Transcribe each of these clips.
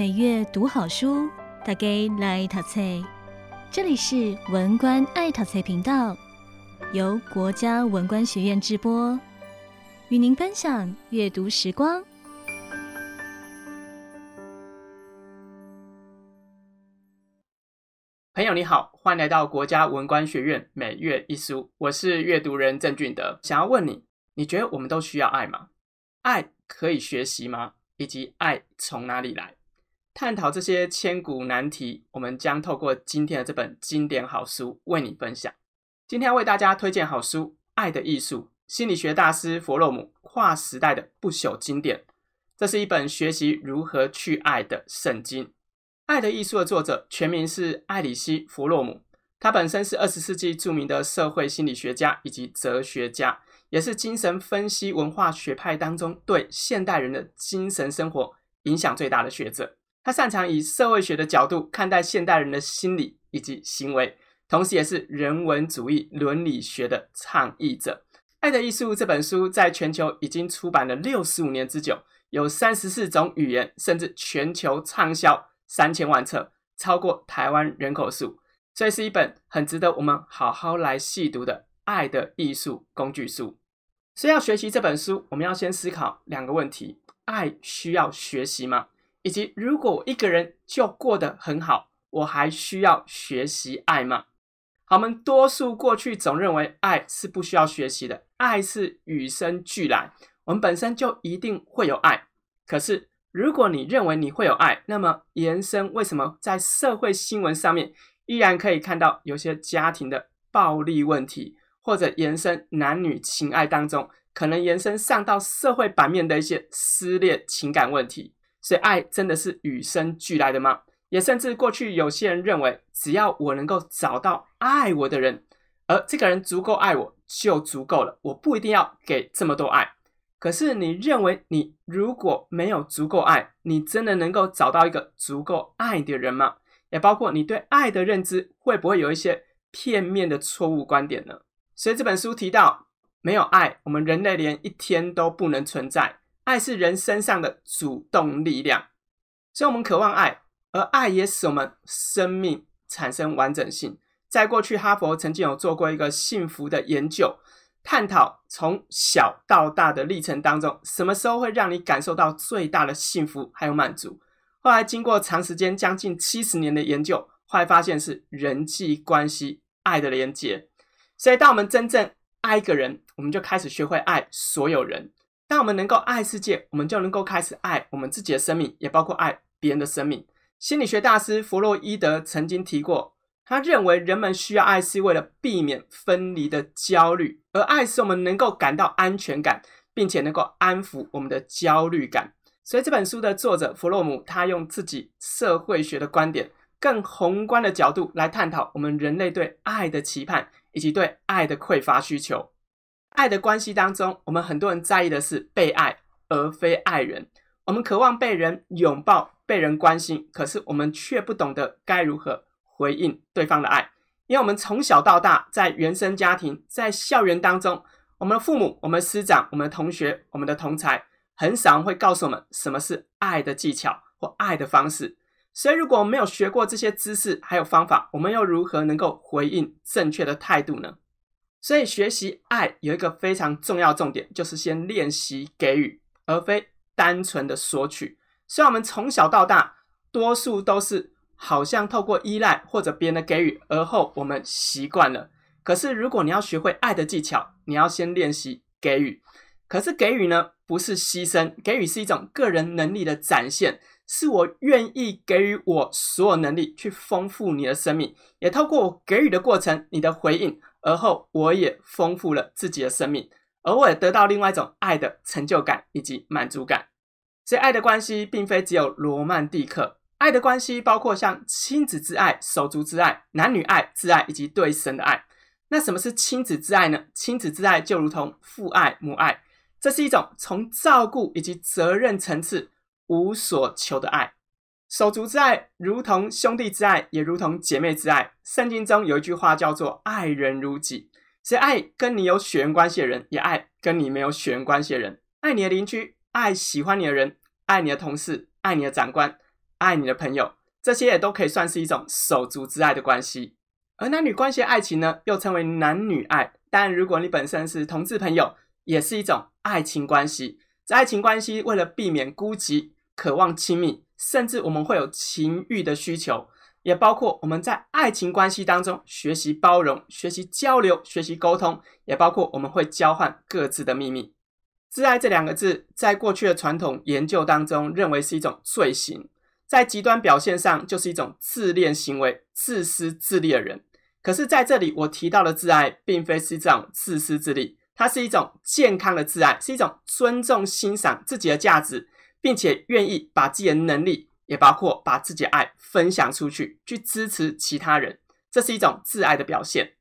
每月讀好書，大家來淘菜。這裡是文官愛淘菜頻道，由國家文官學院直播，與您分享閱讀時光。朋友你好，歡迎來到國家文官學院每月一書，我是閱讀人鄭俊德。想要問你，你覺得我們都需要愛嗎？愛可以學習嗎？以及愛從哪裡來？探討這些千古難題，我們將透過今天的這本經典好書為你分享。今天要為大家推薦好書《愛的藝術》，心理學大師弗洛姆跨時代的不朽經典。這是一本學習如何去愛的聖經。《愛的藝術》的作者全名是艾里希·弗洛姆，他本身是二十世紀著名的社會心理學家以及哲學家，也是精神分析文化學派當中對現代人的精神生活影響最大的學者。他擅長以社會學的角度看待現代人的心理以及行為，同時也是人文主義倫理學的倡議者。《愛的藝術》這本書在全球已經出版了六十五年之久，有三十四種語言，甚至全球暢銷三千萬冊，超過台灣人口數。這是一本很值得我們好好來細讀的《愛的藝術》工具書。所以，要學習這本書，我們要先思考兩個問題：愛需要學習嗎？以及如果我一個人就過得很好，我還需要學習愛嗎？好，我們多數過去總認為愛是不需要學習的，愛是與生俱來，我們本身就一定會有愛。可是如果你認為你會有愛，那麼延伸為什麼在社會新聞上面依然可以看到有些家庭的暴力問題，或者延伸男女情愛當中，可能延伸上到社會版面的一些撕裂情感問題？所以，愛真的是與生俱來的嗎？也甚至過去有些人認為，只要我能夠找到愛我的人，而這個人足夠愛我，就足夠了。我不一定要給這麼多愛。可是，你認為你如果沒有足夠愛，你真的能夠找到一個足夠愛的人嗎？也包括你對愛的認知，會不會有一些片面的錯誤觀點呢？所以這本書提到，沒有愛，我們人類連一天都不能存在。愛是人身上的主動力量，所以，我們渴望愛，而愛也使我們生命產生完整性。在過去，哈佛曾經有做過一個幸福的研究，探討從小到大的歷程當中，什麼時候會讓你感受到最大的幸福還有滿足。後來，經過長時間將近七十年的研究，後來發現是人際關係、愛的連接。所以，當我們真正愛一個人，我們就開始學會愛所有人。當我們能夠愛世界，我們就能夠開始愛我們自己的生命，也包括愛別人的生命。心理學大師弗洛伊德曾經提過，他認為人們需要愛是為了避免分離的焦慮，而愛使我們能夠感到安全感，並且能夠安撫我們的焦慮感。所以這本書的作者弗洛姆，他用自己社會學的觀點，更宏觀的角度來探討我們人類對愛的期盼以及對愛的匱乏需求。愛的關係當中，我們很多人在意的是被愛，而非愛人。我們渴望被人擁抱、被人關心，可是我們卻不懂得該如何回應對方的愛。因為我們從小到大，在原生家庭、在校園當中，我們的父母、我們的師長、我們的同學、我們的同儕，很少會告訴我們什麼是愛的技巧或愛的方式。所以，如果我們沒有學過這些知識還有方法，我們又如何能夠回應正確的態度呢？所以，學習愛有一個非常重要的重點，就是先練習給予，而非單純的索取。雖然我們從小到大，多數都是好像透過依賴或者別人的給予，而後我們習慣了。可是，如果你要學會愛的技巧，你要先練習給予。可是，給予呢，不是犧牲，給予是一種個人能力的展現，是我願意給予我所有能力去豐富你的生命，也透過我給予的過程，你的回應。而後，我也豐富了自己的生命，而我也得到另外一種愛的成就感以及滿足感。所以，愛的關係並非只有羅曼蒂克，愛的關係包括像親子之愛、手足之愛、男女愛、自愛以及對神的愛。那什麼是親子之愛呢？親子之愛就如同父愛、母愛，這是一種從照顧以及責任層次無所求的愛。手足之愛，如同兄弟之愛，也如同姐妹之愛。聖經中有一句話叫做“愛人如己”，是愛跟你有血緣關係的人，也愛跟你沒有血緣關係的人。愛你的鄰居，愛喜歡你的人，愛你的同事，愛你的長官，愛你的朋友，這些也都可以算是一種手足之愛的關係。而男女關係的愛情呢，又稱為男女愛。但如果你本身是同志朋友，也是一種愛情關係。這愛情關係為了避免孤寂，渴望親密。甚至我們會有情欲的需求，也包括我們在愛情關係當中學習包容、學習交流、學習溝通，也包括我們會交換各自的祕密。自愛這兩個字，在過去的傳統研究當中，認為是一種罪行，在極端表現上就是一種自戀行為、自私自利的人。可是，在這裡我提到的自愛，並非是這種自私自利，它是一種健康的自愛，是一種尊重、欣賞自己的價值。並且願意把自己的能力，也包括把自己的愛分享出去，去支持其他人，這是一種自愛的表現。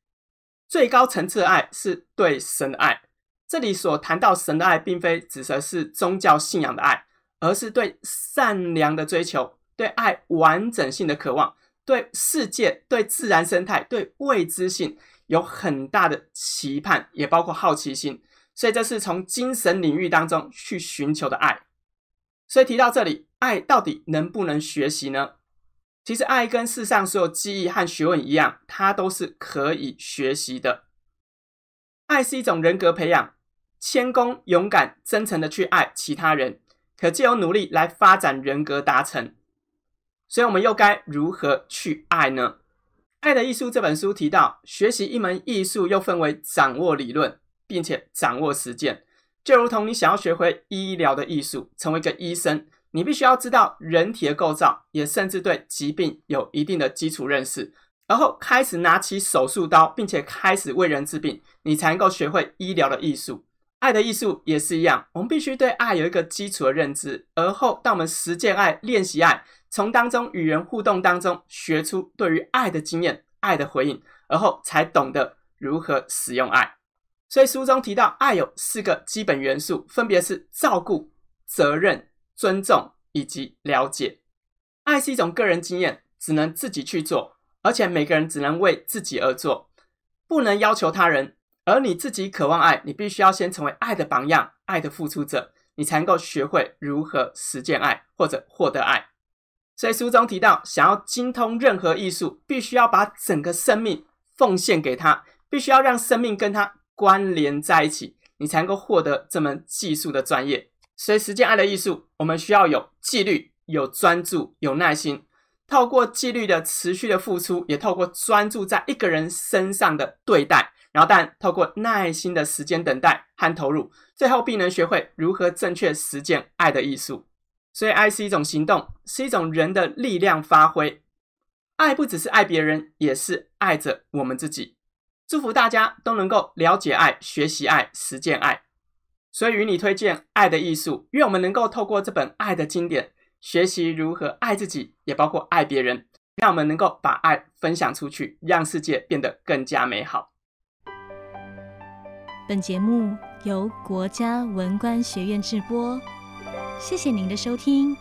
最高層次的愛是對神的愛。這裡所談到神的愛，並非指的是宗教信仰的愛，而是對善良的追求，對愛完整性的渴望，對世界、對自然生態、對未知性有很大的期盼，也包括好奇心。所以，這是從精神領域當中去尋求的愛。所以提到這裡，愛到底能不能學習呢？其實愛跟世上所有記憶和學問一樣，它都是可以學習的。愛是一種人格培養，謙恭、勇敢、真誠地去愛其他人，可藉由努力來發展人格，達成。所以，我們又該如何去愛呢？《愛的藝術》這本書提到，學習一門藝術又分為掌握理論，並且掌握實踐。就如同你想要學會醫療的藝術，成為一個醫生，你必須要知道人體的構造，也甚至對疾病有一定的基礎認識，而後開始拿起手術刀，並且開始為人治病，你才能夠學會醫療的藝術。愛的藝術也是一樣，我們必須對愛有一個基礎的認知，而後到我們實踐愛、練習愛，從當中與人互動當中學出對於愛的經驗、愛的回應，而後才懂得如何使用愛。所以書中提到，愛有四個基本元素，分別是照顧、責任、尊重以及了解。愛是一種個人經驗，只能自己去做，而且每個人只能為自己而做，不能要求他人。而你自己渴望愛，你必須要先成為愛的榜樣、愛的付出者，你才能夠學會如何實踐愛或者獲得愛。所以書中提到，想要精通任何藝術，必須要把整個生命奉獻給他，必須要讓生命跟他。關聯在一起，你才能夠獲得這門技術的專業。所以，實踐愛的藝術，我們需要有紀律、有專注、有耐心。透過紀律的持續的付出，也透過專注在一個人身上的對待，然後當然，但透過耐心的時間等待和投入，最後必能學會如何正確實踐愛的藝術。所以，愛是一種行動，是一種人的力量發揮。愛不只是愛別人，也是愛着我們自己。祝福大家都能夠了解愛、學習愛、實踐愛，所以與你推薦《愛的藝術》。願我們能夠透過這本愛的經典，學習如何愛自己，也包括愛別人。讓我們能夠把愛分享出去，讓世界變得更加美好。本節目由國家文官學院制播，謝謝您的收聽。